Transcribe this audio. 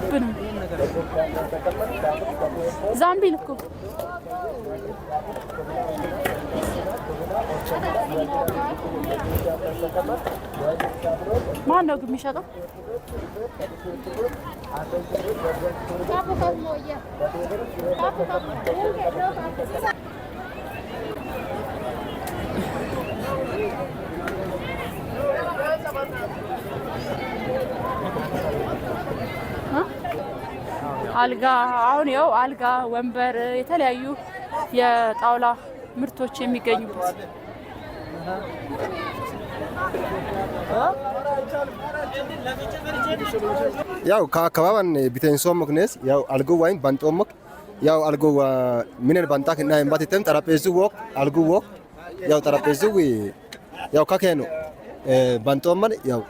ዛምቢ ዛምቢል እኮ ማን ነው ግን የሚሸጠው? አልጋ አሁን ያው አልጋ፣ ወንበር፣ የተለያዩ የጣውላ ምርቶች የሚገኙበት ያው ከአካባባን ቢቴንሶሞክ ነስ ያው አልጎ ወይም ባንጦሞክ ያው አልጎ ሚነን ባንጣክ እና እንባት ተም ጠረጴዙ ወክ አልጎ ወክ ያው ጠረጴዙ ያው ካከኑ ባንጦመን ያው